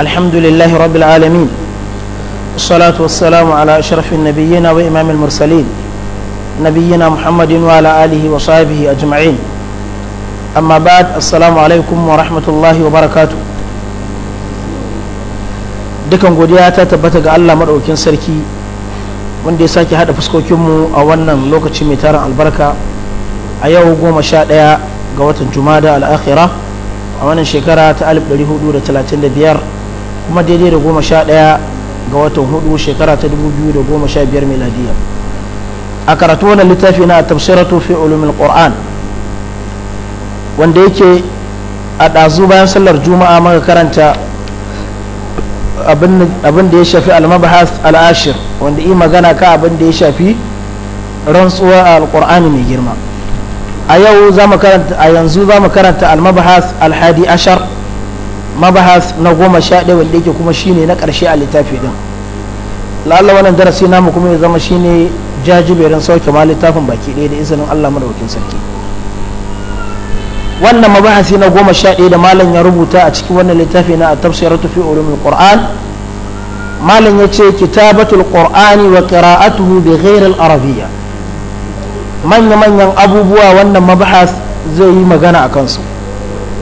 الحمد لله رب العالمين والصلاة والسلام على أشرف النبيين وإمام المرسلين نبينا محمد وعلى آله وصحبه أجمعين أما بعد السلام عليكم ورحمة الله وبركاته dukan godiya ta tabbata ga Allah maɗaukin sarki wanda ya sake haɗa fuskokinmu a wannan lokaci mai tarin albarka a yau goma sha ɗaya ga watan da al'akhira a wannan shekara ta 1435 kuma daidai da goma sha ɗaya ga watan hudu shekara ta dubu biyu da goma sha biyar miladiya a karatu wannan littafi na tafsiratu fi ulumin qur'an wanda yake a ɗazu bayan sallar juma'a maka karanta abin da ya shafi almabahas al'ashir wanda yi magana ka abin da ya shafi rantsuwa a alƙur'ani mai girma a yau a yanzu za mu karanta almabahas alhadi ashar mabahas na goma sha ɗaya wanda yake kuma shine na ƙarshe a littafi din lalla wannan darasi namu kuma ya zama shine jajiberin sauke ma littafin baki ɗaya da izinin Allah madaukakin sarki wannan mabahasi na goma sha ɗaya da malam ya rubuta a cikin wannan littafi na a tafsiratu fi ulumul qur'an malam ya ce kitabatul qur'ani wa qira'atuhu bi ghairi al-arabiyya manya manyan abubuwa wannan mabahas zai yi magana a kansu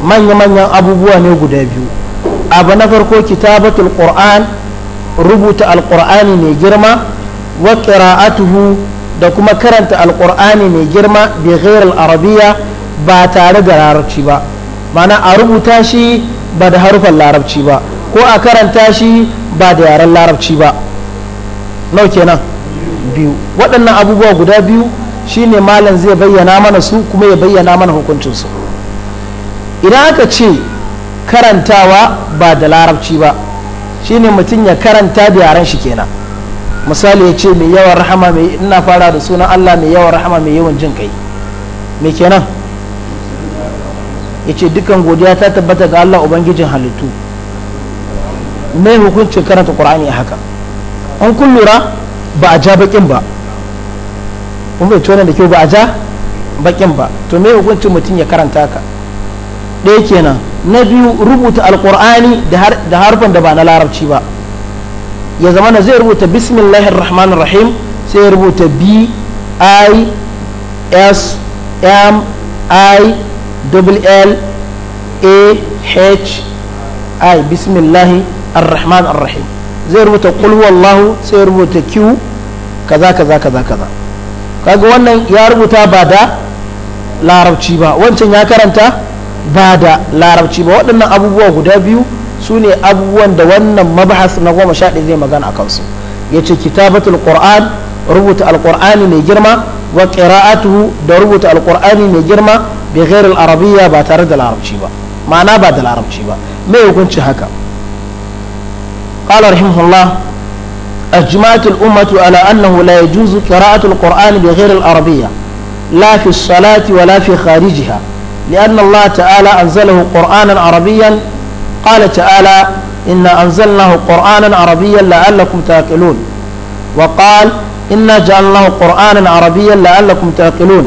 manya-manyan abubuwa ne guda biyu abu na farko kitabatul qur'an rubuta alqur'ani mai girma wa qira'atuhu da kuma karanta alqur'ani mai girma bai ghair al-arabiyya ba tare da larabci ba mana a rubuta shi ba da harufan larabci ba ko a karanta shi ba da yaren larabci ba nau kenan biyu waɗannan abubuwa guda biyu shine malam zai bayyana mana su kuma ya bayyana mana hukuncinsu idan aka ce karantawa ba da larabci ba shi ne mutum ya karanta da yaren shi kenan misali ya ce mai yawan rahama mai ina fara da sunan Allah mai yawan rahama mai yawan jin kai mai kenan ya ce dukkan godiya ta tabbata ga Allah ubangijin halittu mai hukuncin karanta ƙur'ani haka an kun lura ba a ja baƙin ba kuma bai tona da kyau ba a ja baƙin ba to mai hukuncin mutum ya karanta ka ɗaya kenan na biyu rubuta alkur'ani da harfan da ba na larabci ba ya zama na zai rubuta bismillahir rahmanir rahim sai rubuta b i s m i l a h i bismillahi ar-rahman rahim zai rubuta qul wallahu sai rubuta q kaza kaza kaza kaza kaga wannan ya rubuta ba da larabci ba wancan ya karanta ba da larabci ba waɗannan abubuwa guda biyu su ne abubuwan da wannan mabahas na goma sha zai magana a kansu ya ce kitabatul qur'an rubuta alqur'ani mai girma wa qira'atuhu da rubuta alqur'ani mai girma bi ghairi al-arabiyya ba tare da larabci ba ma'ana ba da larabci ba me hukunci haka qala rahimahullah أجمعت الأمة على أنه لا يجوز al القرآن بغير العربية لا salati wa ولا في خارجها لأن الله تعالى أنزله قرآنا عربيا قال تعالى إنا أنزلناه قرآنا عربيا لعلكم تاكلون وقال إنا جعلناه قرآنا عربيا لعلكم تاكلون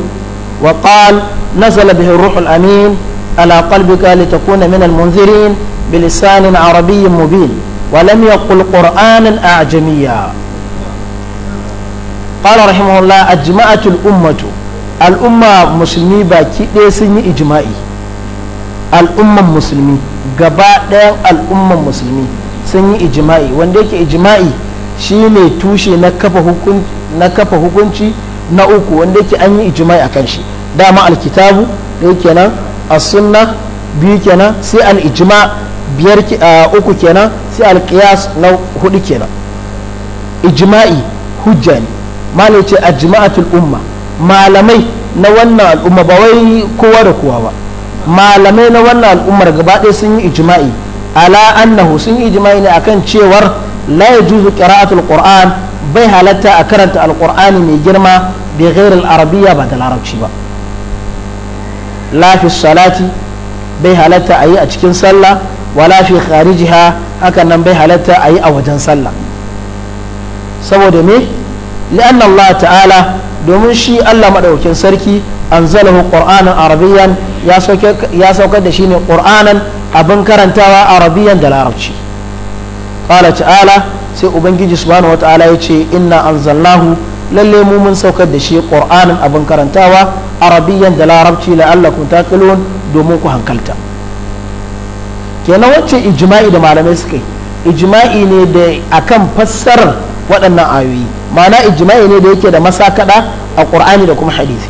وقال نزل به الروح الأمين على قلبك لتكون من المنذرين بلسان عربي مبين ولم يقل قرآنا أعجميا قال رحمه الله أجمعت الأمة al'umma musulmi baki ɗaya sun yi ijma'i al'umman musulmi gaba ɗayan al'umman musulmi sun yi ijima'i wanda yake ijima'i ne tushe na kafa hukunci na uku wanda yake an yi ijima'i a kan shi dama alkitabu da yake nan a sunna biyu kenan sai al'ijima biyar uku kenan sai alkiyas na hudu kenan ijima'i hujja ne ma ce a jima'atul umma malamai na wannan al'umma ba wai kowa da kowa ba malamai na wannan al'ummar gaba ɗaya sun yi ijma'i ala annahu sun yi ijma'i ne akan cewar la yajuzu qira'atul qur'an bai halatta a karanta alqur'ani mai girma bi ghairil arabiyya ba da larabci ba la fi salati bai halatta a yi a cikin sallah wala fi kharijiha hakan nan bai halatta a yi a wajen sallah saboda me li'anna Allah ta'ala domin shi Allah maɗaukin sarki an anzalahu ƙor'anin arabiyan ya saukar da shi ne ƙor'anin abin karantawa arabiyan da larabci ƙala ta'ala sai ubangiji subhanahu wata'ala ya ce inna zallahu lalle mu mun saukar da shi ƙor'anin abin karantawa arabiyan da larabci kun taqilun domin ku hankalta kenan wacce ijma'i da malamai suka yi ijima'i ne da akan fassarar waɗannan ayoyi ma'ana ijma'i ne da yake da masakada a ƙur'ani da kuma hadisi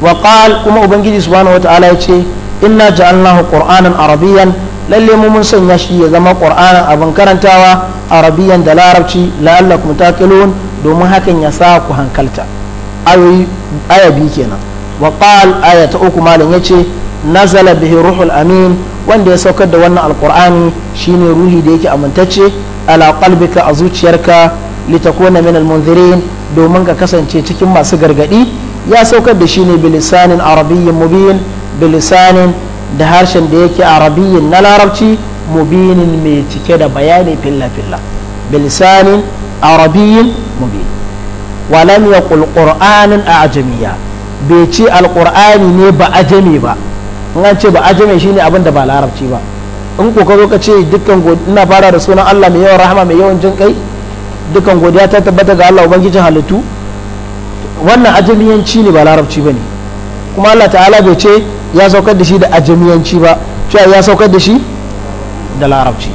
wa qal kuma ubangiji subhanahu wataala ya ce inna ja'alnahu qur'anan arabiyan lalle mu mun sanya shi ya zama qur'anan abin karantawa arabiyan da larabci la'allakum taqilun domin hakan ya sa ku hankalta ayoyi aya bi kenan wa qal aya ta uku malam yace nazala bihi ruhul amin wanda ya saukar da wannan alqur'ani shine ruhi da yake amintacce ala qalbika a zuciyarka litakuna min almunzirin domin ka kasance cikin masu gargadi ya saukar da shi ne bilisanin arabiyyin mubin bilisanin da harshen da yake arabiyyin na larabci mubinin mai cike da bayani filla-filla bilisanin arabiyyin mubin walam ya qur'anin a ajamiya bai ce alqur'ani ne ba ajami ba an ce ba ajami shine abin da ba larabci ba in ko ka zo ka ce dukkan ina fara da sunan Allah mai yawan rahama mai yawan jin kai dukkan godiya ta tabbata ga Allah ubangijin halittu wannan ajamiyanci ne ba larabci bane kuma Allah ta'ala bai ce ya saukar da shi da ajamiyanci ba cewa ya saukar da shi da larabci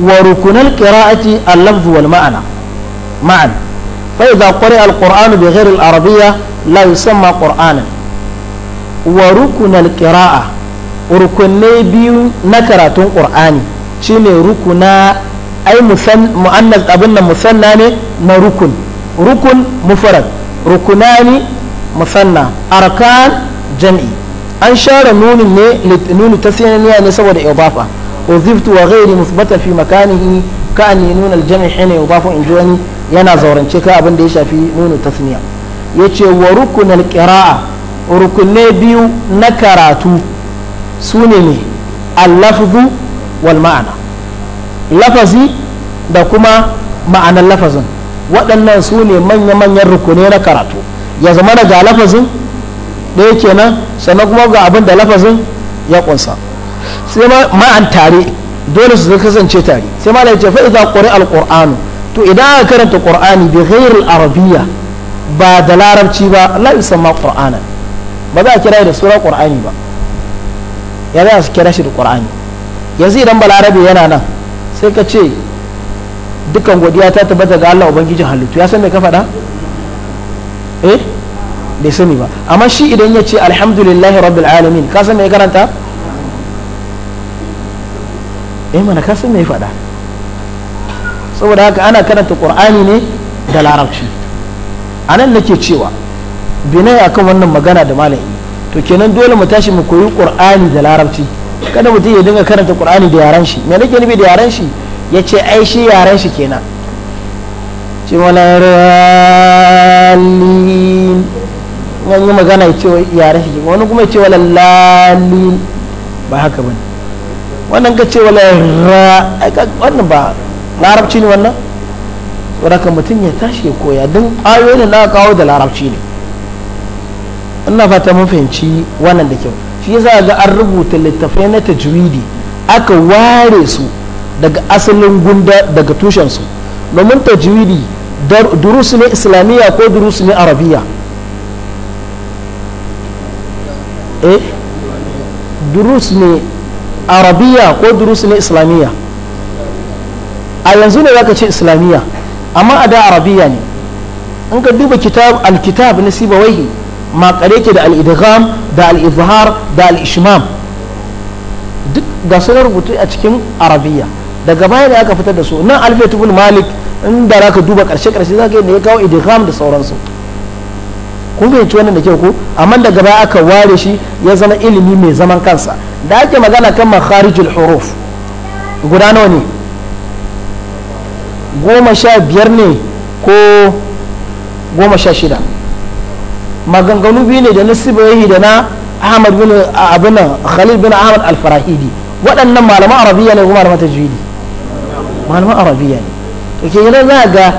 wa rukunal qira'ati al-lafz wal ma'ana ma'an fa idza qari'a al-qur'anu bi ghairi al-arabiyya la yusamma qur'anan wa rukunal qira'ah rukunai biyu na karatun ƙur'ani shine rukuna ai mu'annas abin nan musanna ne na rukun rukun mufarad rukunani musanna arkan jam'i an share nunin ne nuni ta ne saboda idafa uziftu wa ghairi musbata fi makanihi ka an nuna aljami hina idafa in ji wani yana zaurance ka abin da ya shafi nuni tasniya yace wa rukunal qira'a rukunai biyu na karatu su ne ne allafzu wal ma'ana lafazi da kuma ma'anar lafazin waɗannan su ne manya-manyan rukuni na karatu ya zama daga lafazin ɗaya kenan sannan kuma ga abin da lafazin ya kunsa sai ma'an tare dole su kasance tare sai ma da ce fa'iza ƙuri al to idan aka karanta ƙur'ani bi ghairu arabiya ba da larabci ba la ma qur'ana ba za a kira da sura ƙur'ani ba ya za su kira shi da ya yanzu idan balarabe yana nan sai ka ce dukkan godiya ta tabbata ga Allah ubangijin halittu ya san ka faɗa eh bai sani ba amma shi idan ya ce alhamdulillahi rabbil alamin ka san ya karanta eh mana ka san ya faɗa saboda haka ana karanta qur'ani ne da larabci anan nake cewa binai akan wannan magana da malami to kenan dole mu tashi mu koyi qur'ani da larabci kada mutum ya dinga karanta qur'ani da yaran shi me nake nufi da yaran shi yace ai shi yaran shi kenan ce wala ralin wani magana ya ce yaran shi wani kuma ya ce wala lalin ba haka ne wannan ka ce wala ra wannan ba larabci ne wannan saboda mutum ya tashi ya koya don ayoyin da aka kawo da larabci ne ina fata mun fahimci wannan da kyau shi yasa ga an rubuta littafai na tajwidi aka ware su daga asalin gunda daga tushen su domin tajwidi durusu ne islamiyya ko durusu ne arabiya eh durus ne arabiya ko durus ne islamiyya a yanzu ne zaka ce islamiyya amma a da arabiya ne in ka duba kitab alkitab na sibawaihi makare ke da al da al-izhar da al-ishmam duk ga sunan rubutu a cikin arabiya daga baya da aka fitar da su nan alfiyat ibn malik da zaka duba karshe karshe zaka yi ne ya kawo idgham da sauransu kun fahimci wannan da kyau ko amma daga baya aka ware shi ya zama ilimi mai zaman kansa da ake magana kan makharijul huruf guda nawa ne goma sha biyar ne ko goma sha shida maganganu biyu ne da na sibayi da na ahmad bin abin khalil bin ahmad al-farahidi waɗannan malaman arabiya ne kuma malaman tajwidi malaman arabiya ne to ke yana za ga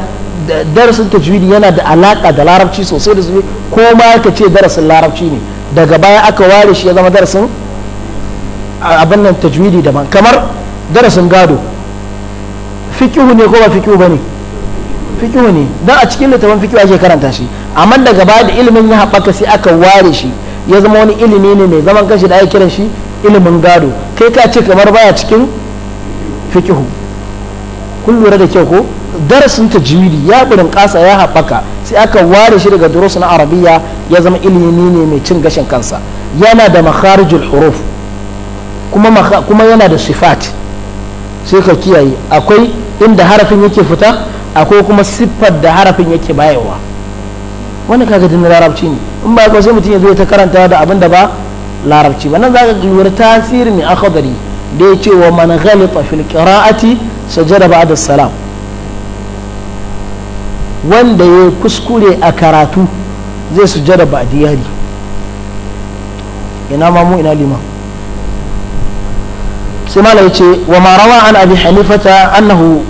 darasin tajwidi yana da alaƙa da larabci sosai da su ko ma ka ce darasin larabci ne daga baya aka ware shi ya zama darasin abin nan tajwidi daban kamar darasin gado fikihu ne ko ba fikihu ba ne fikihu ne don a cikin littafin fikihu ake karanta shi amma daga baya da ilimin ya haɓaka sai aka ware shi ya zama wani ilimi ne mai zaman kashi da ake kiran shi ilimin gado kai ka ce kamar baya cikin fikihu kun lura da kyau ko darasin tajwidi ya burin kasa ya haɓaka sai aka ware shi daga durus na arabiya ya zama ilimi ne mai cin gashin kansa yana da makharijul huruf kuma yana da sifat sai ka kiyaye akwai inda harafin yake fita akwai kuma siffar da harafin yake bayarwa wani kaga din larabci ne in ba ka sai mutum ya zo ta karanta da abin da ba larabci ba nan za ka lura tasirin akhdari da ya ce wa man ghalita fil qira'ati sajada ba'da salam wanda ya kuskure a karatu zai sujada ba diyari ina mamu ina lima sai mala ce wa ma rawa an abi hanifata annahu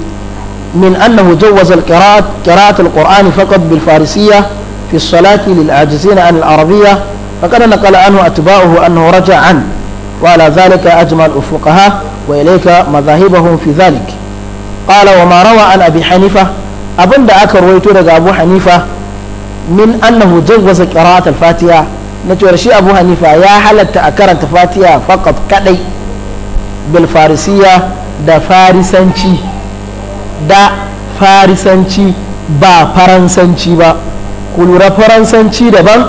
min annahu jawwaza al-qira'at qira'at al-qur'ani faqat bil farisiyya في الصلاة للعاجزين عن العربية فقد نقل عنه أتباعه أنه رجع عنه وعلى ذلك أجمع الفقهاء وإليك مذاهبهم في ذلك قال وما روى عن أبي حنيفة أبن دعاك رويتو لك أبو حنيفة من أنه جوز قراءة الفاتحة نتوري شي أبو حنيفة يا حلت أكرن الفاتحة فقط كدي بالفارسية دا فارسانشي دا فارسانشي با فرنسانشي با ku lura faransanci daban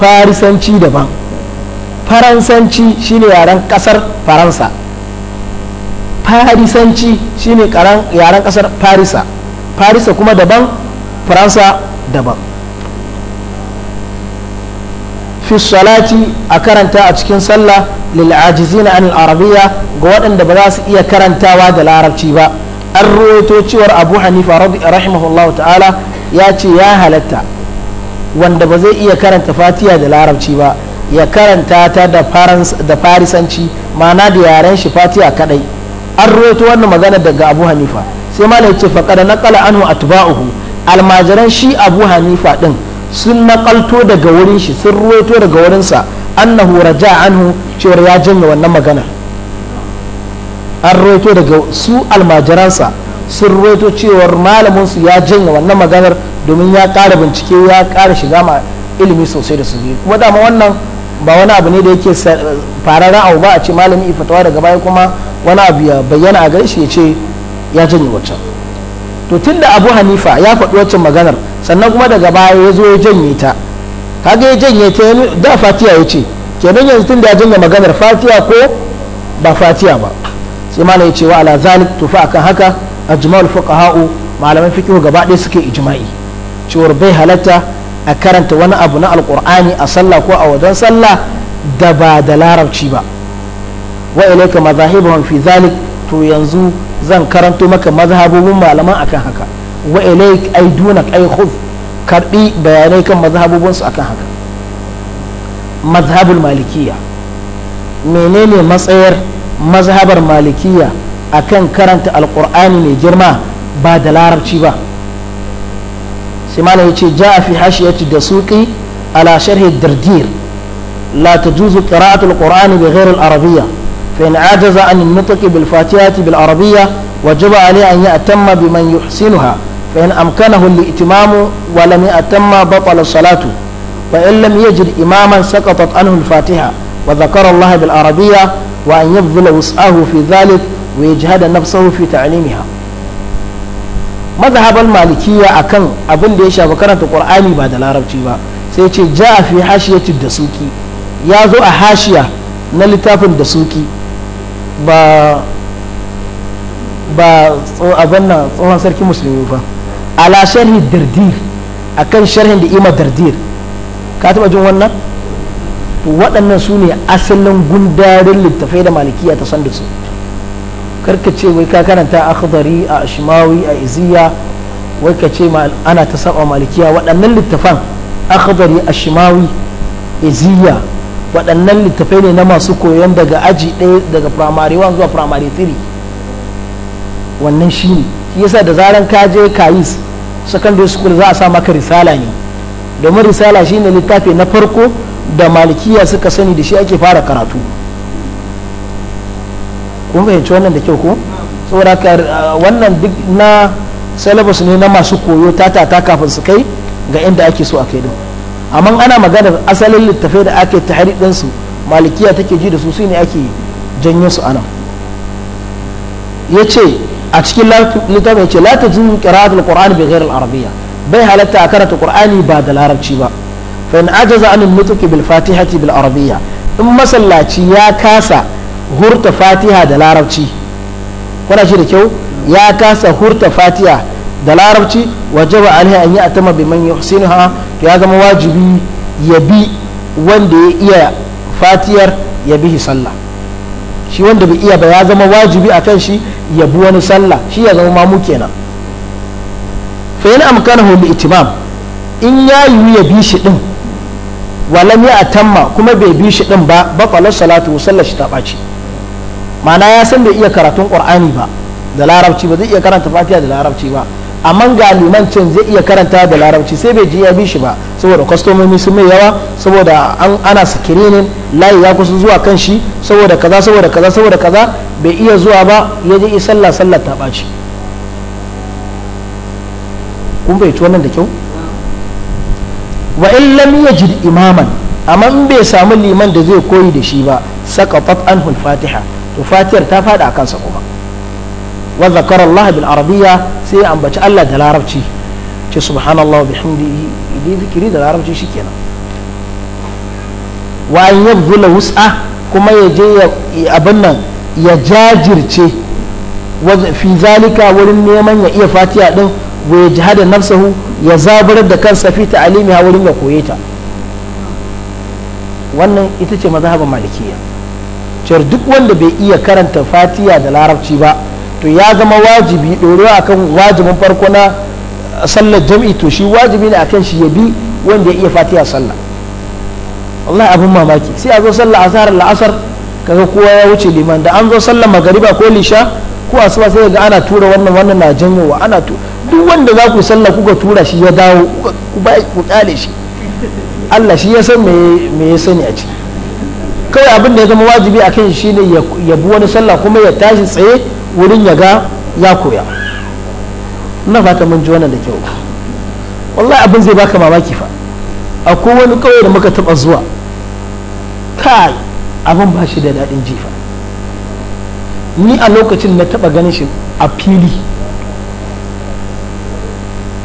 farisanci daban faransanci shine yaren kasar faransa farisanci shine yaren kasar farisa farisa kuma daban faransa daban fi salati a karanta a cikin sallah lil'ajizina an arabiya ga waɗanda ba za su iya karantawa da larabci ba an ruwaito cewar abu hanifa rahimahullahu ta'ala ya ce ya halatta wanda ba zai iya karanta fatiya da larabci ba ya karanta ta da farisanci ma'ana da yaren shi fatiya kadai an roto wannan magana daga abu hanifa sai ma ce faƙada naƙala a atba'uhu almajiran shi abu hanifa ɗin sun naƙalto daga wurin shi sun roto daga wurinsa annahu raja anhu cewar ya janye wannan magana an roto daga su almajiransa sun roto cewar malaminsu ya janya wannan maganar domin ya ƙara bincike ya kara shiga ma ilimi sosai da su biyu kuma dama wannan ba wani abu ne da yake fararen abu ba a ce malami ifatawa daga baya kuma wani abu ya bayyana a gare shi ya ce ya janye wancan to tun da abu hanifa ya faɗi waccan maganar sannan kuma daga baya ya zo ya janye ta kaga ya janye ta da fatiya ya ce kenan yanzu tun da ya janye maganar fatiya ko ba fatiya ba sai malam ya ce wa ala zalik tufa akan haka ajma'ul fuqaha'u malaman fiqh gaba ɗaya suke ijma'i cewar bai halatta a karanta wani abu na alqur'ani a sallah ko a wajen sallah da ba da larabci ba wa ilayka madhahibuhum fi zalik to yanzu zan karanto maka mazhabobin malaman akan haka wa ilayk ay dunak ay khudh karbi bayanai kan mazhabobin su akan haka mazhabul malikiya menene matsayar mazhabar malikiya kan karanta alƙur'ani mai girma ba da larabci ba sai malam ya ce ja fi hashiyati da suƙi ala sharhi dardir la tajuzu qira'atu alqur'ani bi ghairi al-arabiyya fa in ajaza an an-nutqi bil fatihati bil arabiyya wajaba alayhi an ya'tamma biman yuhsinuha fa in amkanahu al-ittimamu wa lam ya'tamma batala salatu wa in lam yajid imaman saqatat anhu al-fatiha wa dhakara Allah bil arabiyya wa an yabdu laus ah ofis dalib wai jihada na fisa ofis ta canimiha akan abin da ya shafi karanta ƙur'ani ba da larabci ba sai yace ja a fi hashiya tun da ya zo a hashiya na littafin da suki ba a zanna tsohon sarki musulmi ba a sharhi dardir akan sharhin da ima da ka taba jin wannan. to waɗannan su ne asalin gundarin littafai da malikiya ta sanda su karka ce wai ka karanta a akhdari a shimawi a iziya wai ka ce ana ta saba malikiya waɗannan littafan a shimawi iziya waɗannan littafai ne na masu koyon daga aji ɗaya daga primary 1 zuwa primary 3 wannan shi ne yasa da zaran ka je kayis secondary school za a sa maka risala ne domin risala shine littafi na farko da malikiya suka sani da shi ake fara karatu kun fahimci wannan da kyau ko saboda uh, wannan duk na syllabus ne na masu koyo tata ta kafin su kai ga inda ake so a kai din amma ana maganar asalin littafai da ake tahari su malikiya take ji da su su ne ake janyo su anan ya a cikin littafin yace ce la ta jin qira'atul qur'ani bi al-arabiyya bai halatta a karanta qur'ani ba da larabci ba fa in ajaza an nutuki bil fatihati bil arabiyya in masallaci ya kasa hurta fatiha da larabci kuna shi da kyau ya kasa hurta fatiha da larabci wajaba ba an ya'tama biman yuhsinuha to ya zama wajibi ya bi wanda ya iya fatiyar ya bihi sallah shi wanda bai iya ba ya zama wajibi a kan shi ya bi wani sallah shi ya zama mamu kenan fa yana amkana bi itimam in ya yiwu ya bi shi din walam ya atamma kuma bai bi shi din ba ba batalar salatu sallar shi ta bace ma'ana ya san bai iya karatun qur'ani ba da larabci ba zai iya karanta fatiha da larabci ba amma ga liman can zai iya karanta da larabci sai bai ji ya bi shi ba saboda kwastomomi sun mai yawa saboda an ana sikirinin layi ya kusa zuwa kan shi saboda kaza saboda kaza saboda kaza bai iya zuwa ba ya je sallah sallar ta ɓaci kun bai wannan da kyau wa in lam yajid imaman amma in bai samu liman da zai koyi da shi ba saqatat anhu al-fatiha to fatihar ta fada akan sa kuma wa zakara Allah bil arabiyya sai ya ambaci Allah da larabci ce subhanallahi bihamdihi idi zikiri da larabci shikenan wa an yabdhula wus'a kuma ya je abin nan ya jajirce fi zalika wurin neman ya iya fatiha din wajihada nafsahu ya zaburar da kansa fi ta'alimiha wurin ya koye ta wannan ita ce mazhabin malikiya cewar duk wanda bai iya karanta fatiya da larabci ba to ya zama wajibi ɗorewa akan wajibin farko na sallar jam'i to shi wajibi ne akan shi ya bi wanda ya iya fatiya sallah wallahi abin mamaki sai a zo sallar azhar la'asar kaga kowa ya wuce liman da an zo sallar magariba ko lisha ko asuba sai ga ana tura wannan wannan na janyowa ana tura duk wanda za ku sallah kuka tura shi ya dawo ku kale shi Allah shi ya san me ya sani a ci kawai abin da ya zama wajibi akan shi ne ya bi wani sallah kuma ya tashi tsaye wurin ya ga ya koya na fata mun ji wannan da kyau wallahi abin zai baka mamaki fa akwai wani kawai da muka taba zuwa kai abin ba shi da daɗin jifa ni a lokacin na taba ganin shi a fili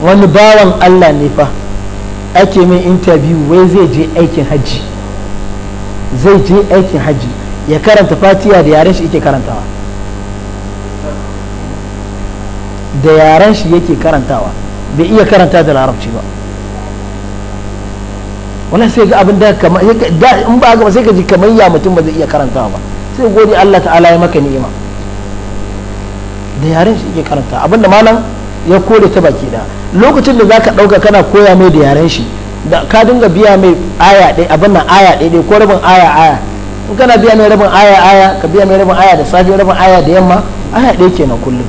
wani bawan allah ne fa ake mai interview wai zai je aikin hajji zai je aikin hajji ya karanta fatiya da yaren shi yake karantawa da yaren shi yake karantawa bai iya karanta da larabci ba wani sai ga abin da kamar in ba sai ka ji kamar ya mutum ba zai iya karantawa ba sai gode Allah ta'ala ya maka ni'ima da yaren shi ke karanta abinda malam ya kore ta baki da lokacin da zaka dauka kana koya mai da yaren shi da ka dinga biya mai aya ɗaya abin nan aya ɗaya ko rabin aya aya in kana biya mai rabin aya aya ka biya mai rabin aya da safe rabin aya da yamma aya ɗaya kenan kullum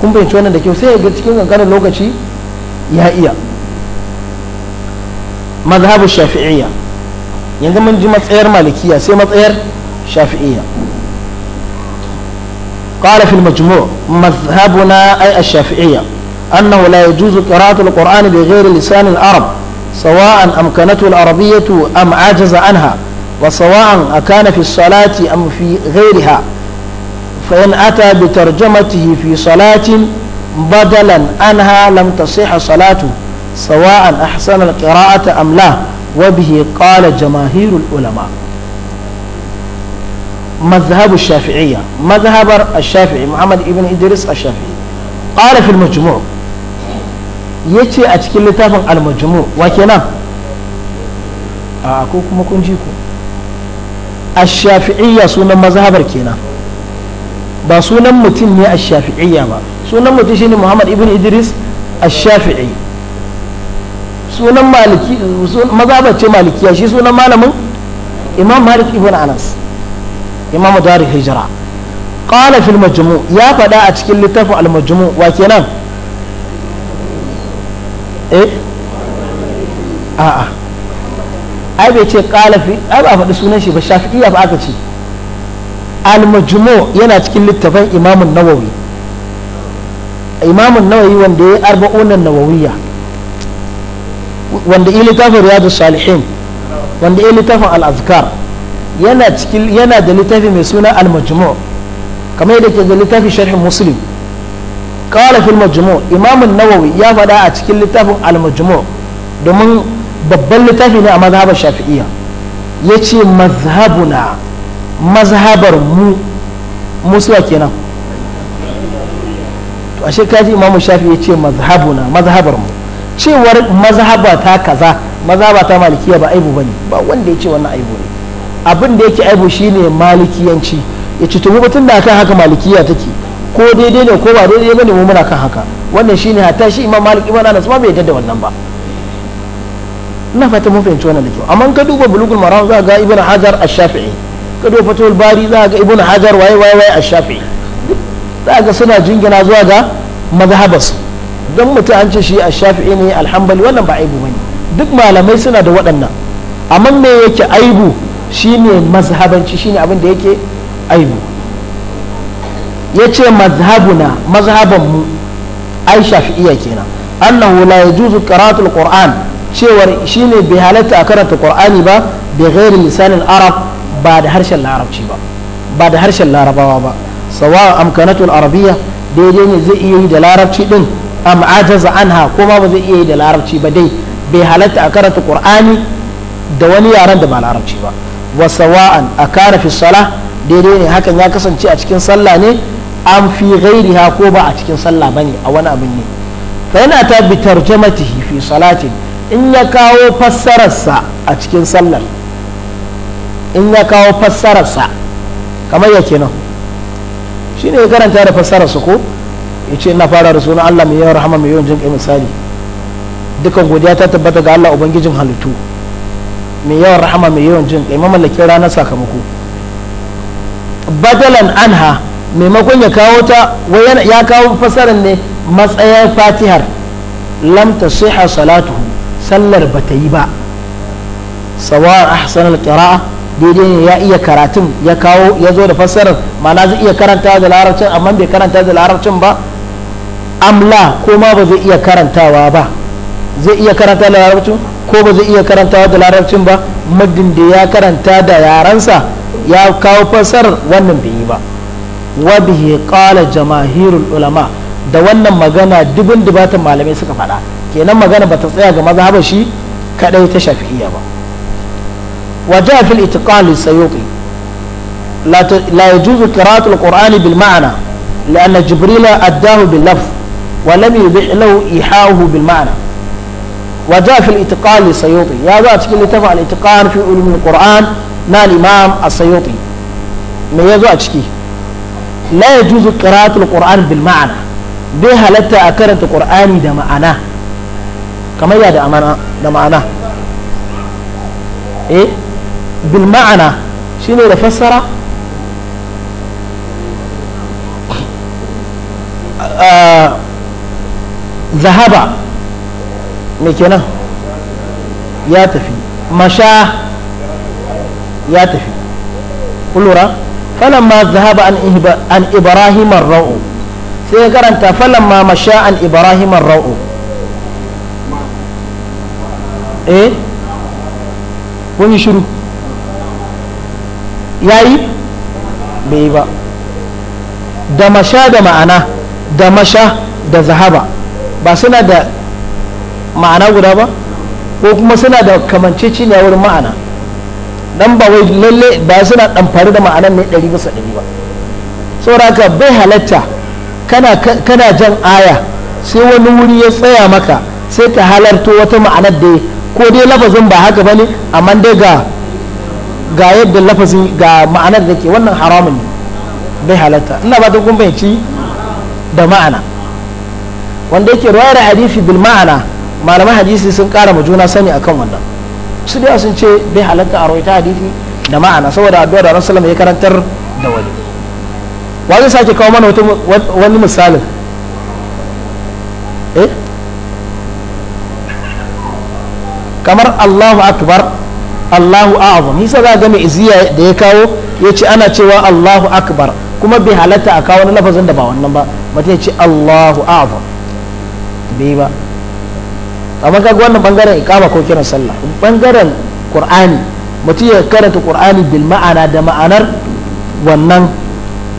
kun fahimci wannan da kyau sai ga cikin kankanin lokaci ya iya mazhabu shafi'iyya yanzu mun ji matsayar malikiya sai matsayar shafi'iyya ƙara fil majmu mazhabuna ay ash-shafi'iyya annahu la yajuzu qira'atu al-qur'ani bi ghairi lisan al-arab sawa'an am kanatu al-arabiyyatu am ajaza anha wa sawa'an akana fi as-salati am fi ghairiha fa in ata bi tarjamatihi fi salatin badalan anha lam tasih salatu sawa'an ahsana al-qira'ata am la وبه قال جماهير العلماء مذهب الشافعية مذهب الشافعي محمد ابن إدريس الشافعي قال في المجموع يتي أتكلم تافن المجموع وكنا أكوكم آه كنجيكم الشافعية سنة مذهب الكنا ba sunan mutum ne a shafi'iyya ba sunan mutum shine muhammad ibn idris a shafi'i sunan maliki mazabacce malikiya shi sunan malamin imam malik ibn anas imam darul hijra qala fil majmu ya fada a cikin littafin al majmu wa kenan eh a ai bai ce qala fi ai ba faɗi sunan shi ba shafi'iyya ba aka ce al majmu yana cikin littafin imam an-nawawi imam an-nawawi wanda ya an nawawiyya wanda ili littafin riyadu salihin wanda ili littafin al'azkar yana cikin yana da littafi mai suna al-majmu' kamar yadda ke da littafin sharhin muslim kawai fil majmu' imam nawawi ya faɗa a cikin littafin al-majmu' domin babban littafi ne a mazhabar shafi'iyya yace mazhabuna mazhabar mu musuwa kenan to ashe kaji imam shafi yace mazhabuna mazhabar mu cewar mazhaba ta kaza mazhaba ta malikiya ba aibu bane ba wanda ya ce wannan aibu ne abin da yake aibu shine malikiyanci ya ci tumu batun da kan haka malikiya take ko daidai ne ko ba daidai bane mu muna kan haka wannan shine hatta shi imam malik ibn anas ma bai yadda da wannan ba ina fata mun fahimci wannan da kyau amma ka duba bulugul maram za ga ibn hajar ash-shafi'i ka duba fatul bari za ga ibn hajar waye waye waye ash-shafi'i za ga suna jingina zuwa ga mazhabansu don mutum an ce shi a shafi'i ne alhambali wannan ba aibu bane duk malamai suna da waɗannan amma me yake aibu shine mazhabanci shine abin da yake aibu ya ce mazhabuna mazhabanmu ai shafi'iya kenan annahu la yajuzu qira'atul qur'an cewar shine bai halatta a karanta qur'ani ba bi ghairi lisanin arab ba da harshen larabci ba ba da harshen larabawa ba sawa amkanatul arabiyya daidai ne zai iya yi da larabci din am ajaza anha ko ma ba zai iya yi da larabci ba dai bai halatta a karanta qur'ani da wani yaren da ba larabci ba wa sawa'an a kara fi sala daidai ne hakan ya kasance a cikin sallah ne an fi ghairiha ko ba a cikin sallah bane a wani abin ne fa yana ta bi tarjamatihi fi salatin in ya kawo fassararsa a cikin sallar in ya kawo fassararsa kamar ya nan shine ya karanta da fassararsa ko ya ce ina fara da sunan Allah mai yawan rahama mai yawan jin misali dukan godiya ta tabbata ga Allah ubangijin halittu mai yawan rahama mai yawan jin kai mamallakin ranar sakamako badalan anha maimakon ya kawo ta ya kawo fasarar ne matsayar fatihar lam tasiha salatu sallar ba ta yi ba sawa ahsan al-qira'a daidai ne ya iya karatun ya kawo ya zo da fassarar ma'ana zai iya karanta da larabcin amma bai karanta da larabcin ba amla ko ma ba zai iya karantawa ba zai iya karanta da larabcin ko ba zai iya karantawa da larabcin ba muddin da ya karanta da yarensa ya kawo fasar wannan bai yi ba wa bihi qala jamaahirul ulama da wannan magana dubin dubatan malamai suka faɗa kenan magana ba ta tsaya ga mazhabar shi kadai ta shafi'iyya ba wa ja fil itqal sayuqi la yajuzu qira'atul qur'ani bil ma'na لأن جبريل أداه باللفظ ولم يبح له إيحاؤه بالمعنى وجاء في الاتقان للسيوطي يا ذات أتكلم تفع الاتقان في علم القرآن ما الإمام السيوطي ما يزو لا يجوز قراءة القرآن بالمعنى بها لتا أكرت القرآن دمعنا كما يا دمعنا دمعنا إيه بالمعنى شنو لفسر آه zahaba mai kenan ya tafi masha ya tafi kulura falamma zahaba an ibrahim ra'u sai ya karanta falamma masha an ibrahim ra'u eh kun yi shiru yi bai ba da masha da ma'ana da masha da zahaba ba suna da ma'ana guda ba ko kuma suna da kamanceceniya wurin ma'ana dan ba wai lalle ba suna ɗamfari da ma'anan ne ɗari bisa ɗari ba saboda haka bai halatta kana jan aya sai wani wuri ya tsaya maka sai ka halarto wata ma'anar da ko dai lafazin ba haka bane amma dai ga ga yadda lafazin ga ma'anar da ke wannan haramun ne bai halatta ina ba ta kun ci da ma'ana wanda yake ruwayar hadisi bil ma'ana malaman hadisi sun kara ma juna sani akan wannan su da sun ce bai halatta a rawaita hadisi da ma'ana saboda addu'a da rasulullah ya karantar da wani wa zai sake kawo mana wani misalin eh kamar Allahu akbar Allahu a'azam nisa za ga mai iziya da ya kawo ya ce ana cewa Allahu akbar kuma bai halatta a kawo wani lafazin da ba wannan ba mutum ya ce Allahu a'azam bai ba amma kaga wannan bangaren ikama ko kiran sallah bangaren qur'ani mutum ya karanta qur'ani bil ma'ana da ma'anar wannan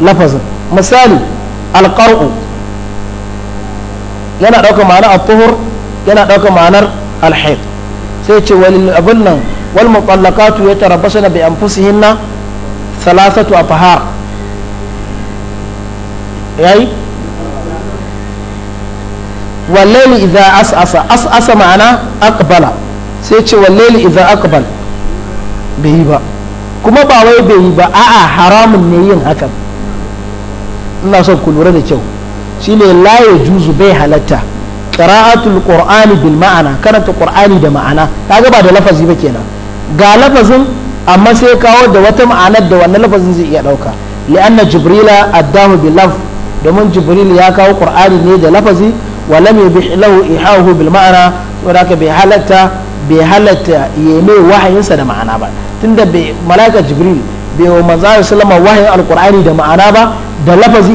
lafazin misali alqar'u yana dauka ma'anar at-tuhur yana dauka ma'anar al-hayd sai ce wal abun nan wal mutallaqatu yatarabbasuna bi anfusihinna thalathatu afhar yayi wallaili idza as'asa as'asa ma'ana aqbala sai ce wallaili idza aqbal bai yi ba kuma ba wai bai yi ba a'a haramun ne yin hakan ina son ku lura da kyau shine la yajuzu bai halatta qira'atul qur'ani bil ma'ana karanta qur'ani da ma'ana kaga ba da lafazi ba kenan ga lafazin amma sai kawo da wata ma'anar da wani lafazin zai iya ɗauka li'anna jibrila addahu bilaf domin jibril ya kawo qur'ani ne da lafazi ولم يبح له إيحاؤه بالمعنى وراك بحالته بحالته يمي وحي ينسى معنى بعد تند ملائكة جبريل بيو منزل سلم وحي القرآن ده معنى بعد ده لفظ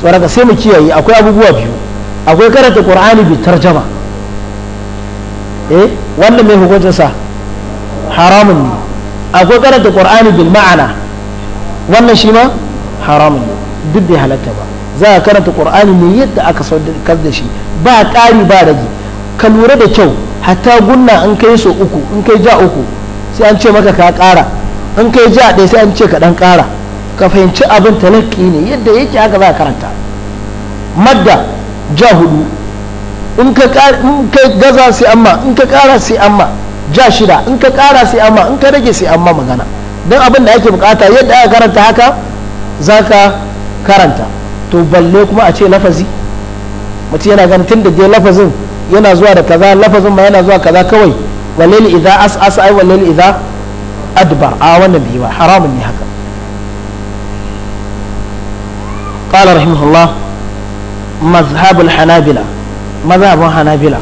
akwai abubuwa biyu akwai karanta qur'ani bi tarjama eh, wannan mai hukuncin sa haramun ne akwai karanta qur'ani bil ma'ana wannan shi haramun duk bai halatta ba za a karanta qur'ani ne yadda aka saukar da shi ba ƙari ba rage ka lura da kyau hatta gunna in kai so uku in kai ja uku sai an ce maka ka ƙara in kai ja ɗaya sai an ce ka ɗan ƙara ka fahimci abin talaki ne yadda yake haka za a karanta madda ja hudu in ka gaza sai amma in ka ƙara sai amma ja shida in ka ƙara sai amma in ka rage sai amma magana don abin da ake bukata yadda aka karanta haka za ka karanta to balle kuma a ce lafazi mutum yana ganin tun da dai lafazin yana zuwa da kaza lafazin ma yana zuwa kaza kawai walil idza as'as ai walil idza adbar a wannan bai ba haramun ne haka qala rahimahullah mazhabul hanabila mazhabun hanabila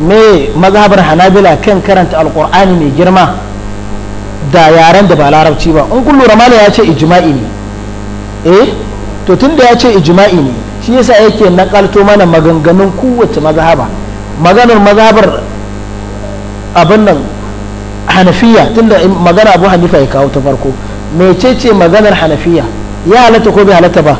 me mazhabar hanabila kan karanta alqur'ani mai girma da yaren da ba larabci ba in kun lura ya ce ijma'i ne eh to tunda ya ce ijma'i ne shi yasa yake nakalto mana maganganun kowace mazhaba maganar mazhabar abin nan hanafiya tunda magana abu hanifa ya kawo ta farko mecece maganar hanafiya ya halatta ko bai halatta ba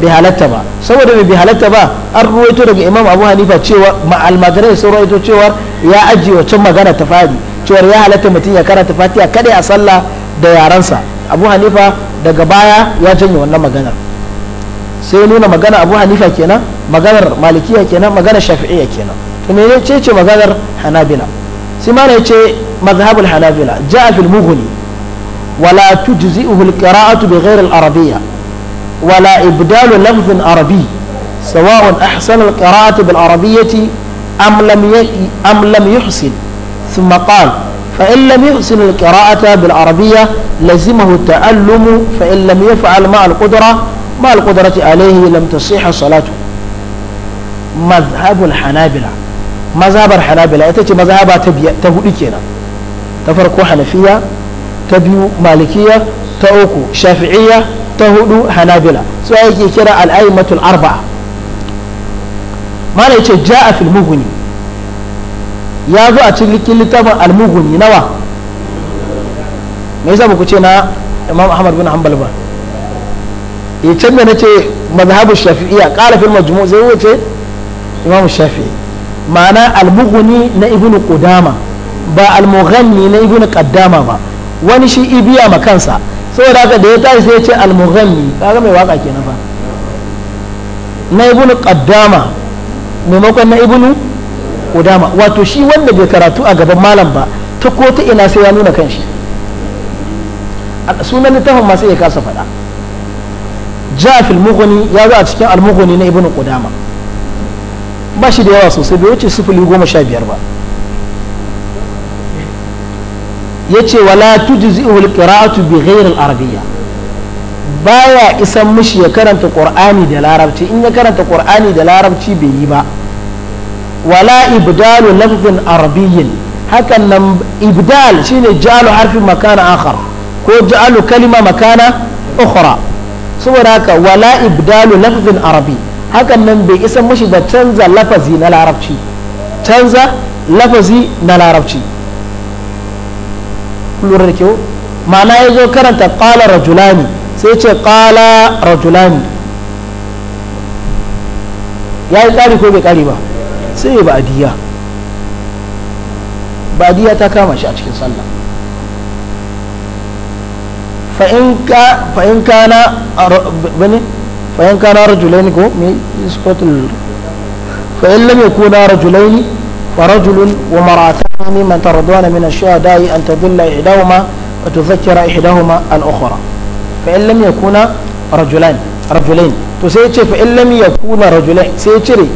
bai halatta ba saboda bai halatta ba an ruwaito daga imam abu hanifa cewa ma'almadirai sun ruwaito cewa ya ajiye wacce magana ta fadi cewar ya halatta mutum ya karanta fatiha kada a sallah da yaransa abu hanifa daga baya ya janye wannan maganar sai nuna magana abu hanifa kenan maganar malikiya kenan maganar shafi'iyya kenan to me ne ce ce maganar hanabila sai ma ne ce mazhabul hanabila ja'a fil mughni wala tujzi'uhu al qira'atu bighayr al arabiyya wala ibdalu lafdh arabi سواء أحسن القراءة بالعربية أم لم أم لم يحسن ثم قال فإن لم يحسن القراءة بالعربية لزمه التألم فإن لم يفعل مع القدرة ma al-qudrati alaihi lam tasihha salatu mazhabul hanabila mazhabar hanabila ita ce mazhaba ta ta hudu ta farko hanafiya ta biyu malikiya ta uku shafi'iyya ta hudu hanabila su ake kira al-aimatul arba'a mana ja ja'a fil mughni ya zo a cikin littafin al nawa me yasa ba ku ce na Imam Ahmad bin Hanbal ba ya eh, can da na ce mazhabu shafi'iyya ƙara fil majmu zai wuce imamu shafi'i ma'ana almughni na ibnu qudama ba almughanni na ibnu qaddama ba wani shi ibiya ma kansa saboda haka da ya tashi sai ya ce ta kaga mai waka kenan ba na ibnu qaddama maimakon na ibnu qudama wato shi wanda bai karatu a gaban malam ba ta ko ta ina sai ya nuna kanshi sunan littafin ma sai ya kasa faɗa ja muguni ya zo a cikin almuguni na ibnu qudama ba shi da yawa sosai bai wuce sifili goma sha biyar ba ya ce wala tujzi'u al qira'atu bi ghayr al baya isan mishi ya karanta qur'ani da larabci in ya karanta qur'ani da larabci bai yi ba wala ibdalu lafzin arabiyyin hakan nan ibdal shine jalu harfin makana akhar ko jalu kalima makana ukhra saboda haka wala ibdalu lafzin arabi hakan nan bai isa mashi ba canza lafazi na larabci canza lafazi na larabci lura da kyau ma'ana ya zo karanta ƙala rajulani sai ce ƙala rajulani ya yi ƙari ko bai ƙari ba sai ya ba'adiyya ba'adiyya ta kama shi a cikin sallah fa'in kana bane fa'in kana rajulaini ko me isfatul fa'in lam yakuna فرجل ومرأتان من ترضون من الشهداء أن تضل إحداهما وتذكر إحداهما الأخرى فإن لم يكونا رجلان رجلين تسيتش فإن لم يكونا رجلين سيتشري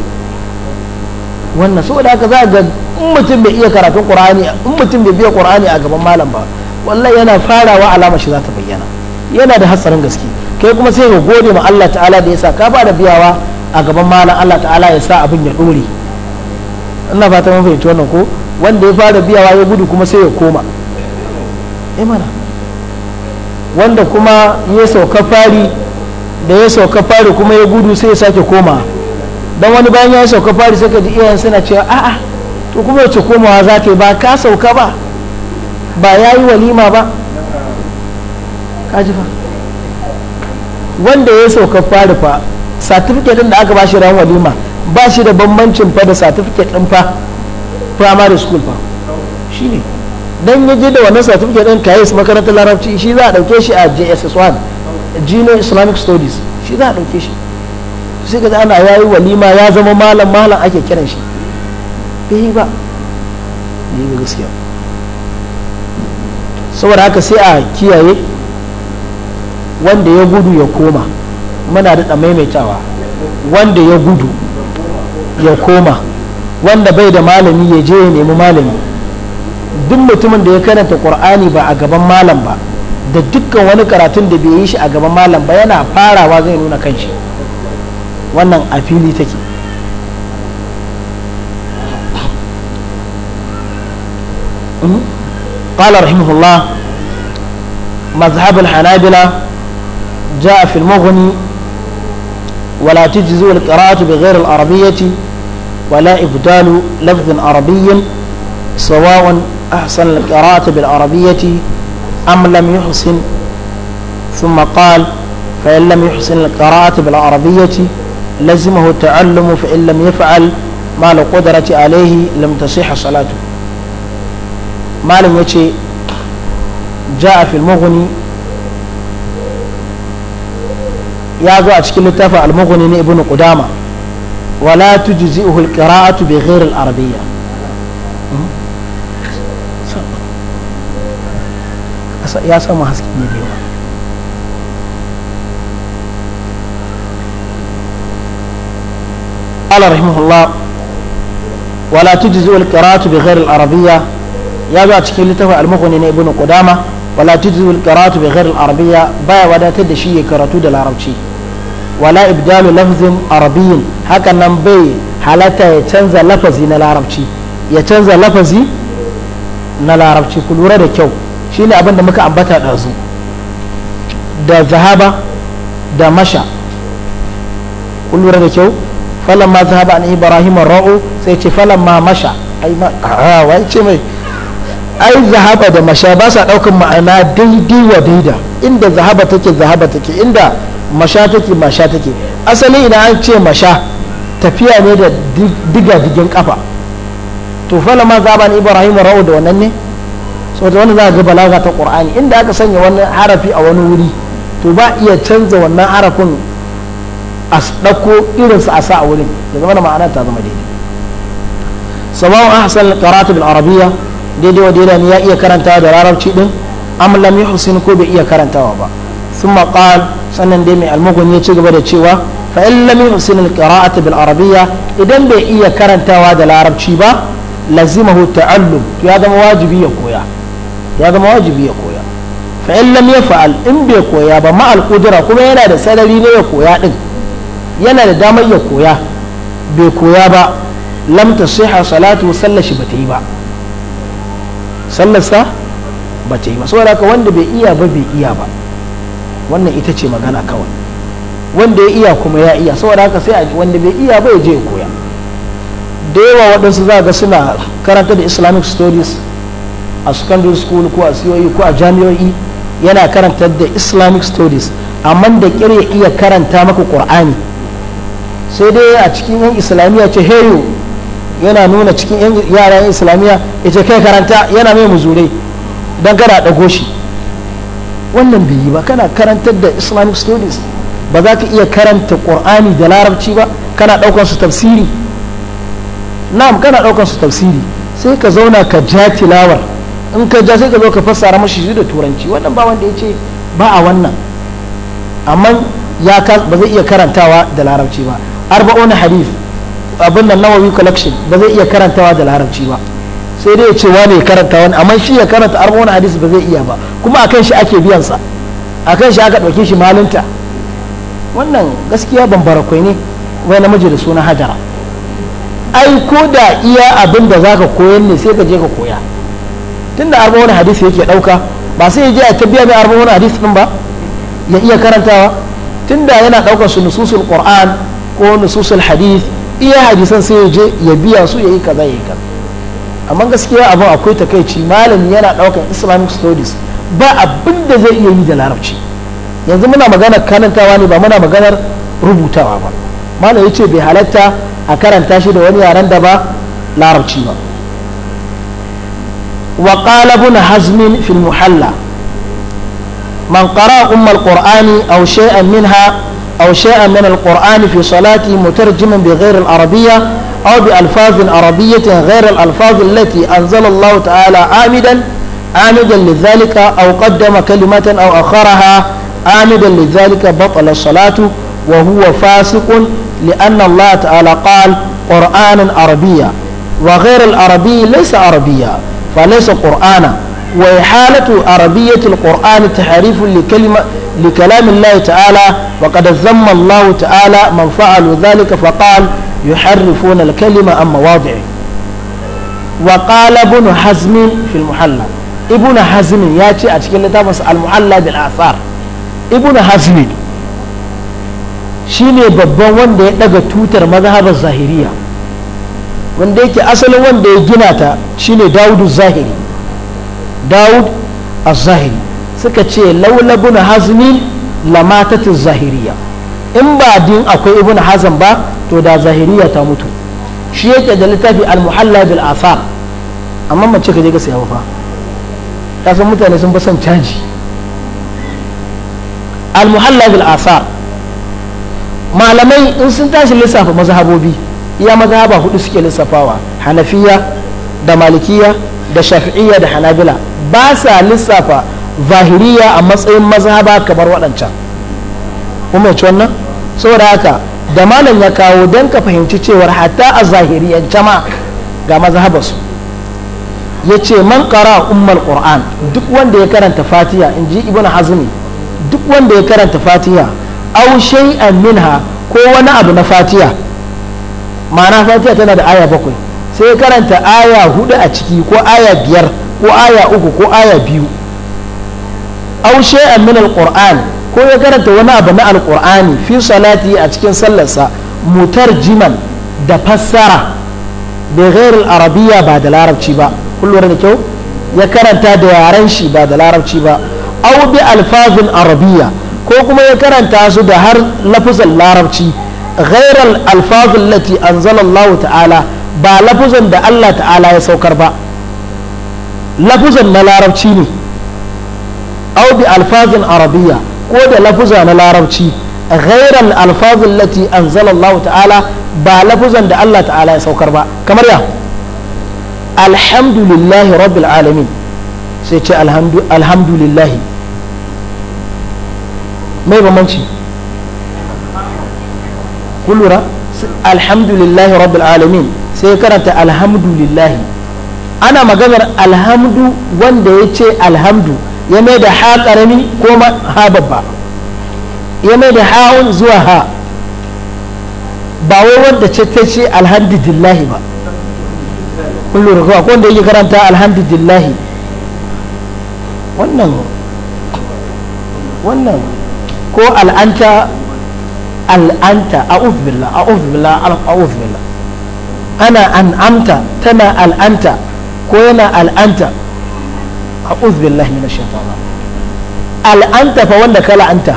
wannan so haka za ga in mutum bai iya karatun qur'ani in mutum bai biya qur'ani a gaban malam ba wallahi yana farawa alama shi za ta bayyana yana da hatsarin gaske kai kuma sai ka gode ma Allah ta'ala da yasa ka ba da biyawa a gaban malam Allah ta'ala ya sa abin ya dore ina fata mun fahimci wannan ko wanda ya fara biyawa ya gudu kuma sai ya koma eh mana wanda kuma ya sauka fari da ya sauka fari kuma ya gudu sai ya sake koma dan wani bayan ya sauka fari sai ka ji iyayen suna cewa a'a to kuma wace komawa za ka yi ba ka sauka ba ba ya yi walima ba kajifa wanda ya sauka fari fa satifiket da aka ba shi ran walima ba shi da bambancin fa da satifiket din fa primary school fa shi ne don ya je da wannan satifiket ɗin kayis makarantar larabci shi za a dauke shi a jss1 jino islamic studies shi za a dauke shi sai ka ana yayi walima ya zama malam malam ake kiran shi bai ba ne gaskiya saboda haka sai a kiyaye wanda ya gudu ya koma muna da maimaitawa wanda ya gudu ya koma wanda bai da malami ya je ya nemi malami duk mutumin da ya karanta qur'ani ba a gaban malam ba da dukkan wani karatun da bai yi shi a gaban malam ba yana farawa zai nuna shi wannan a fili take mm -hmm. قال رحمه الله مذهب الحنابلة جاء في المغني ولا تجزوا القراءة بغير العربية ولا إبدال لفظ عربي سواء أحسن القراءة بالعربية أم لم يحسن ثم قال فإن لم يحسن القراءة بالعربية لزمه التعلم فإن لم يفعل ما لقدرة عليه لم تصح صلاته malam ya ce ja'a fil mughni ya zo a cikin littafin al na ibnu qudama wala tujzi'uhu al bi ghairi al-arabiyya hmm? ya samu haske ne da yawa قال رحمه الله ولا تجزئ القراءة بغير العربية ya zo a cikin littafin al-mughni na ibnu qudama wala tujzu al-qira'atu bi ghairi al-arabiyya baya wadatar da shi ya karatu da larabci wala ibdalu lafzin arabiyyin hakan nan bai halatta ya canza lafazi na larabci ya canza lafazi na larabci ku lura da kyau shine abin da muka ambata ɗazu da zahaba da masha ku lura da kyau falan ma zahaba an ibrahim ra'u sai ce falan ma masha ai ma ce mai ai zahaba da masha ba sa ɗaukan ma'ana daidai wa daida inda zahaba take zahaba take inda masha take masha take asali idan an ce masha tafiya ne da diga digin kafa to fala ma zaba ibrahim rawu da wannan ne saboda wannan za ga balaga ta qur'ani inda aka sanya wani harafi a wani wuri to ba iya canza wannan harafin a irin irinsa a sa a wurin ya zama da ma'ana ta zama daidai ahsan bil arabiyya daidai wa daidai ya iya karanta da larabci din am lam yuhsin ko bai iya karantawa ba thumma qal sannan dai mai almughni ya ci gaba da cewa fa in lam yuhsin alqira'ata bil arabiyya idan bai iya karantawa da larabci ba lazimahu ta'allum to ya zama wajibi ya koya ya zama wajibi ya koya fa in lam yaf'al in bai koya ba ma al kuma yana da sarari ne ya koya din yana da damar ya koya bai koya ba lam tasiha salatu sallashi bata yi ba sallarsa ba ta yi ba saboda ka wanda bai iya ba bai iya ba wannan ita ce magana kawai wanda ya iya kuma ya iya saboda haka sai wanda bai iya ba ya je ya koya da yawa waɗansu za ga suna karanta da islamic stories a secondary school ko a siyoyi e ko a jami'o'i yana karanta da islamic stories amma da ya iya karanta maka qur'ani sai dai a cikin yan islamiyya ce heyo yana nuna cikin yaran islamiyya ita kai karanta yana mai muzurai don kada ɗago shi wannan bai yi ba kana karantar da islamic studies ba za ka iya karanta ƙor'ani da larabci ba kana ɗaukar su tafsiri na'am kana ɗaukar su tafsiri sai ka zauna ka ja tilawar in ka ja sai ka zo ka fassara mashi shi da turanci wannan ba wanda ya ce ba a wannan amma ya ba zai iya karantawa da larabci ba arba'una hadith abin nan nawawi collection ba zai iya karantawa da larabci ba sai dai ya ce wani ya karanta wani amma shi ya karanta arba'un hadis ba zai iya ba kuma akan shi ake biyan sa akan shi aka dauke shi malinta wannan gaskiya bambara kwai ne wai namiji da suna hajara ai ko da iya abin da zaka koyar ne sai ka je ka koya tunda arba'un hadis yake dauka ba sai ya je a tabbiya mai arba'un hadis din ba ya iya karantawa tunda yana daukar su nususul qur'an ko nususul hadis. iya hadisan sai ya je ya biya su ya yi kaza ya yi kaza amma gaskiya abin akwai takaici malami yana daukan islamic studies ba abin da zai iya yi da larabci yanzu muna maganar karantawa ne ba muna maganar rubutawa ba malam ya ce bai halatta a karanta shi da wani yaren da ba larabci ba wa qala ibn hazm muhalla man qara umma al-qur'ani aw shay'an minha أو شيئا من القرآن في صلاته مترجما بغير العربية أو بألفاظ عربية غير الألفاظ التي أنزل الله تعالى عامدا عامدا لذلك أو قدم كلمة أو أخرها عامدا لذلك بطل الصلاة وهو فاسق لأن الله تعالى قال قرآن عربيا وغير العربي ليس عربيا فليس قرآنا وإحالة عربية القرآن تحريف لكلمة لكلام الله تعالى وقد ذم الله تعالى من فعل ذلك فقال يحرفون الكلمة عن مواضعه وقال ابن حزم في المحلى ابن حزم ياتي اتكلم تابس المحلى بالاثار ابن حزم shine babban wanda ya daga tutar mazhabar zahiriya wanda yake asalin wanda ya gina ta shine dawud zahiri daud az-zahiri suka ce laula hazmi lamatatu zahiriya in ba din akwai ibn hazm ba to da zahiriya ta mutu shi yake da littafi al-muhalla bil asar amma mace ka je ka saya fa ta san mutane sun ba son caji al-muhalla bil asar malamai in sun tashi lissafa mazhabobi iya mazhaba hudu suke lissafawa hanafiya da malikiya da shafi'iyya da hanabila ba sa lissafa zahiriya a matsayin mazhaba kamar waɗancan kuma ci wannan saboda haka da malam ya kawo don ka fahimci cewar hatta a zahiriyan ma ga mazhabarsu ya ce man kara ummal qur'an duk wanda ya karanta Fatiya in ji ibn hazmi duk wanda ya karanta Fatiya, aw shay'an minha ko wani abu na Fatiya, ma'ana Fatiya tana da aya bakwai sai ya karanta aya hudu a ciki ko aya biyar ko aya uku ko aya biyu aw shay'an min alquran ko ya karanta wani abu na alqur'ani fi salati a cikin sallarsa jiman da fassara da ghairil arabiya ba da larabci ba kullum da kyau ya karanta da yaren shi ba da larabci ba aw bi alfazin arabiya ko kuma ya karanta su da har lafuzan larabci ghairil alfazin lati anzalallahu ta'ala ba lafuzan da Allah ta'ala ya saukar ba lafuzan na larabci ne aw bi alfazin arabiya ko da lafuza na larabci ghairal alfazin lati anzala ta'ala ba lafuzan da Allah ta'ala ya saukar ba kamar ya alhamdulillahi rabbil alamin sai ce alhamdulillahi mai bambanci kullura alhamdulillahi rabbil alamin sai karanta alhamdulillahi ana maganar alhamdu wanda ya ce alhamdu ya mai da ha karami ko ha babba ya mai da ha'un zuwa ha ba wai wanda ce ta ce alhamdulillahi ba kullum da kowa wanda yake karanta alhamdulillahi wannan wannan ko al'anta al'anta a billah a'uf billah a'uf billah ana an'amta tana al'anta ko yana al'anta a a'udhu billahi minash shaitani al'anta fa wanda kala anta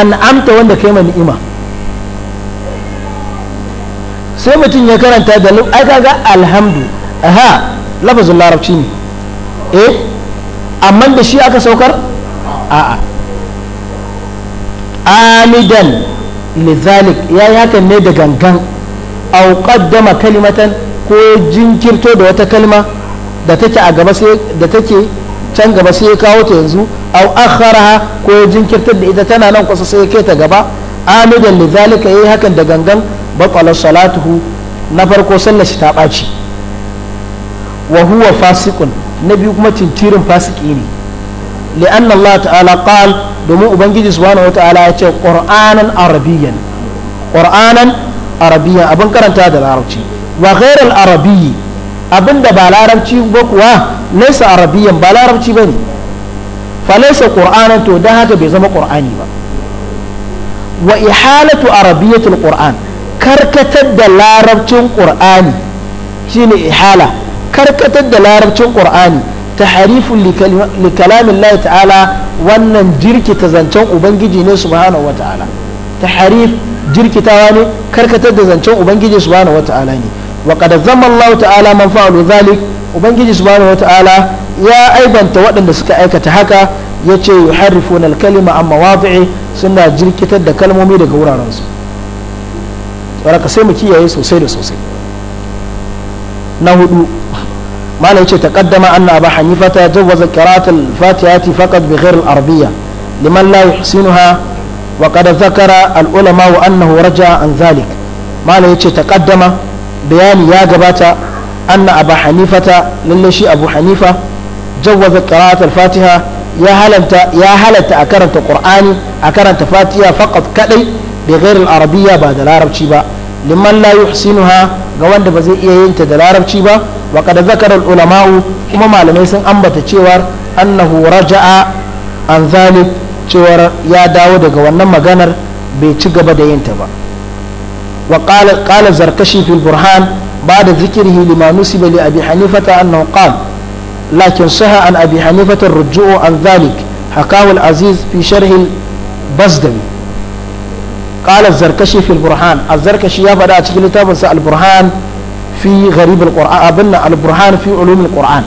an'amta wanda kai ma ni'ima sai mutum ya karanta da ai kaga alhamdu a ha lafazin larabci ne eh amma da shi aka saukar a'a amidan lizalik ya yi hakan ne da gangan au qaddama kalimatan ko jinkirto da wata kalma da take a gaba sai da take can gaba sai ya kawo ta yanzu au akharaha ko ya jinkirtar da ita tana nan kusa sai ya kai ta gaba amidan lidhalika yayi hakan da gangan batala salatuhu na farko sallar shi ta ɓaci wa huwa fasiqun na biyu kuma tintirin fasiki ne li'an Allah ta'ala qal domin ubangiji subhanahu wata'ala ya ce qur'anan arabiyyan abin karanta da larabci wa ghairal abinda ba larabci ba kuwa laisa arabiyan ba larabci ba ne fa laisa qur'anan to dan haka bai zama qur'ani ba wa ihalatu arabiyatul qur'an karkatar da larabcin qur'ani shine ihala karkatar da larabcin qur'ani tahrifun li kalamin Allah ta'ala wannan ta zancen ubangiji ne su subhanahu wataala tahrif jirkitawa ne karkatar da zancen ubangiji su subhanahu wataala ne wa qad zamma Allah ta'ala man fa'alu zalik ubangiji subhanahu wa ta'ala ya aibanta waɗanda suka aikata haka yace yuharrifuna al-kalima an mawadi'i suna jirkitar da kalmomi daga wuraren su saboda sai mu kiyaye sosai da sosai na hudu malam yace taqaddama anna ba hanifata jawwaza qira'at al-fatihati faqat bighayr al-arabiyya liman la yuhsinuha وقد ذكر العلماء أنه رجع عن ذلك ما لا يتقدم bayani ya gabata anna abu hanifata lalle shi abu hanifa jawwaza qira'at al-fatiha ya halanta ya halatta a karanta qur'ani a karanta fatiha faqat kadai bi ghairi al-arabiyya ba da larabci ba liman la yuhsinuha ga wanda ba zai iya yin ta da larabci ba wa qad zakara al-ulama'u kuma malamai sun ambata cewar annahu raja'a an zalik cewar ya dawo daga wannan maganar bai ci gaba da yin ta ba وقال قال الزركشي في البرهان بعد ذكره لما نسب لأبي حنيفة أنه قال لكن صح عن أبي حنيفة الرجوع عن ذلك حكاه العزيز في شرح البزدمي قال الزركشي في البرهان الزركشي يا فدا cikin littafinsa البرهان في غريب القرآن أبن البرهان في علوم القرآن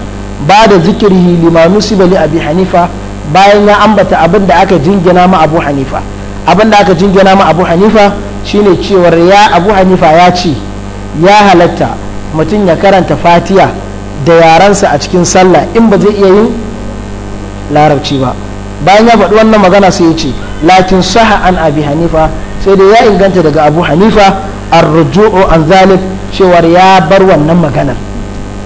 بعد ذكره لما نسب لأبي حنيفة bayan ya ambata abin da aka jingina ma abu hanifa abin da aka jingina ma abu hanifa shine cewar ya abu hanifa ya ce ya halatta mutum ya karanta fatiya da yarensa a cikin sallah in ba zai iya yin larabci ba bayan ya faɗi wannan magana sai ya ce lakin saha an abi hanifa sai dai ya inganta daga abu hanifa arruju'u an zalik cewar ya bar wannan maganar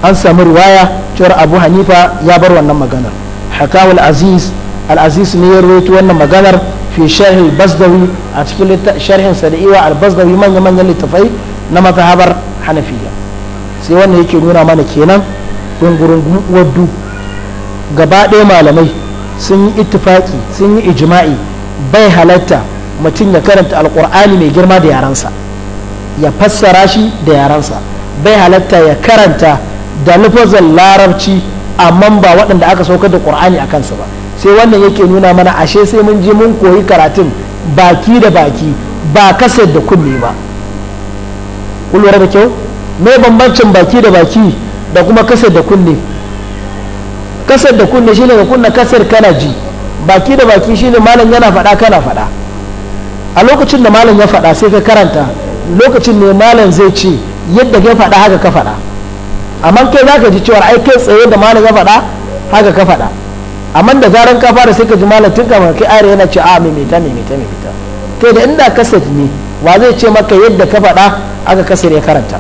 an samu riwaya cewar abu hanifa ya bar wannan maganar hakawul aziz al-aziz ne ya rawaito wannan maganar fi sharhin basdawi a cikin sharhin sada'iwa al-basdawi manya-manyan littafai na mazhabar hanafiya sai wanda yake nuna mana kenan gungurin waddu gaba ɗaya malamai sun yi ittifaki sun yi ijima'i bai halatta mutum ya karanta alkur'ani mai girma da yarensa ya fassara shi da yarensa bai halatta ya karanta da lafazin larabci amma ba waɗanda aka saukar da ƙur'ani a kansu ba sai wannan yake nuna mana ashe sai mun je mun koyi karatun baki da baki ba kasar da kunne ba kulwar da kyau mai bambancin baki da baki da kuma kasar da kunne kasar da kunne shine ka kunna kasar kana ji baki da baki shine malam yana faɗa kana faɗa a lokacin da malam ya faɗa sai ka karanta lokacin ne malam zai ce yadda ya faɗa haka ka faɗa amma kai za ka ji cewa ai kai tsaye da malam ya faɗa haka ka faɗa amma da zaran ka fara sai ka ji malam tun kamar kai ayar yana ce a maimaita maimaita maimaita to da inda kasaf ne wa zai ce maka yadda ka faɗa aka kasar ya karanta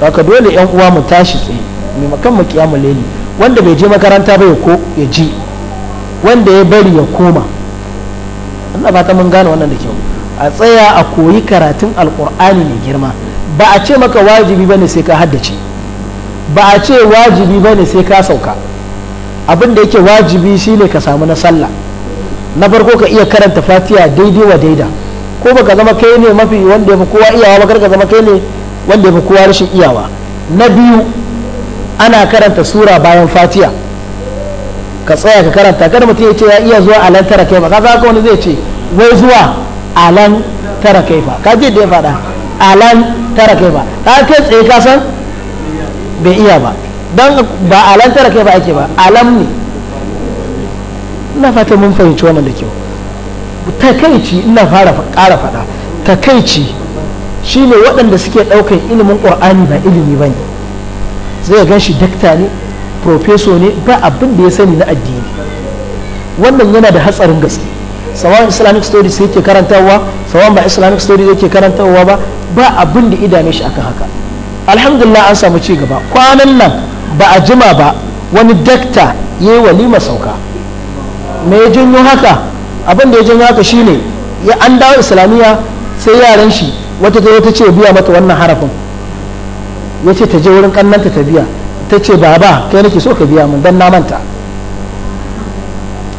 haka dole yan uwa mu tashi tsaye mai makan mu kiyamu leli wanda bai je makaranta ba ya ko ya ji wanda ya bari ya koma ina fata mun gane wannan da kyau a tsaya a koyi karatun alkur'ani mai girma ba a ce maka wajibi bane sai ka haddace ba a ce wajibi bane sai ka sauka abin da yake wajibi shine ka samu na sallah na farko ka iya karanta fatiha daidai wa daida ko baka zama kai ne mafi wanda ya fi kowa iyawa ba ka zama kai ne wanda ya fi kowa rashin iyawa na biyu ana karanta sura bayan fatiha ka tsaya ka karanta kada mutum ya ce ya iya zuwa alan tara kai ba kaga wani zai ce wai zuwa alan tara kai ba ka je da ya faɗa alan tara kai ba ka kai tsaye ka san bai iya ba don ba alantara kai ba ake ba alam ne ina fata mun fahimci wannan da kyau takaici ina fara ƙara faɗa takaici shine waɗanda suke ɗaukar ilimin ƙur'ani ba ilimi ba ne zai gan shi dakta ne profeso ne ba abin da ya sani na addini wannan yana da hatsarin gaske sawan islamic studies yake karantarwa sawan ba islamic studies yake karantarwa ba ba abin da idame shi aka haka alhamdulillah an samu ci gaba kwanan nan ba a jima ba wani dakta ya yi walima sauka me ya janyo haka abin da ya janyo haka shine ya an dawo islamiyya sai yaran shi wata ta ta ce biya mata wannan harafin ya ce ta je wurin kannanta ta biya ta ce baba kai nake so ka biya min dan na manta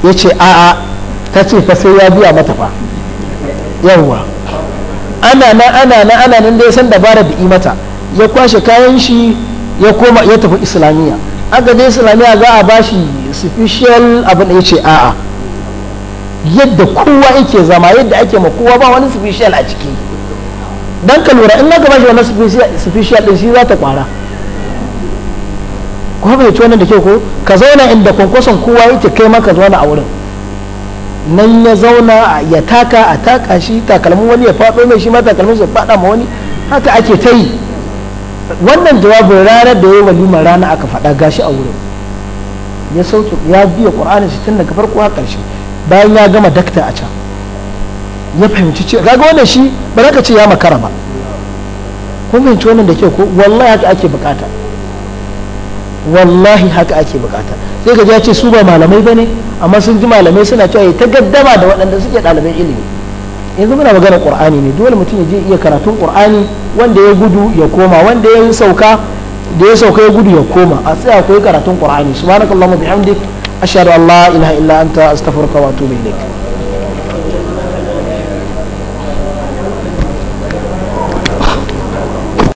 ya ce a'a ta ce fa sai ya biya mata fa yawwa ana na ana na ana nan da ya san dabara da mata ya kwashe kayan shi ya koma ya tafi islamiyya aka je islamiyya za a bashi special abin da ya ce a'a yadda kowa yake zama yadda ake ma kowa ba wani special a ciki dan ka lura in ka bashi wani special din shi za ta kwara ko bai ci wannan da ke ko ka zauna inda kwankwason kowa yake kai maka zauna a wurin nan ya zauna ya taka a taka shi takalmin wani ya faɗo mai shi ma takalmin ya faɗa ma wani haka ake ta yi wannan jawabin ranar da ya walima rana aka faɗa gashi a wurin ya sauke ya biya ƙwararri shi tun daga farko har ƙarshe bayan ya gama dakta a can ya fahimci ce ga wannan shi ba za ce ya makara ba kun fahimci wannan da ke ko wallahi haka ake bukata wallahi haka ake bukata sai ka ya ce su ba malamai ba ne amma sun ji malamai suna cewa ya ta gaddama da waɗanda suke ɗaliban ilimi yanzu muna magana qur'ani ne dole mutum ya je iya karatun qur'ani wanda ya gudu ya koma wanda ya sauka da ya sauka ya gudu ya koma a tsaya koyi karatun qur'ani subhanakallahumma bihamdik ashhadu an la ilaha illa anta astaghfiruka wa atubu ilaik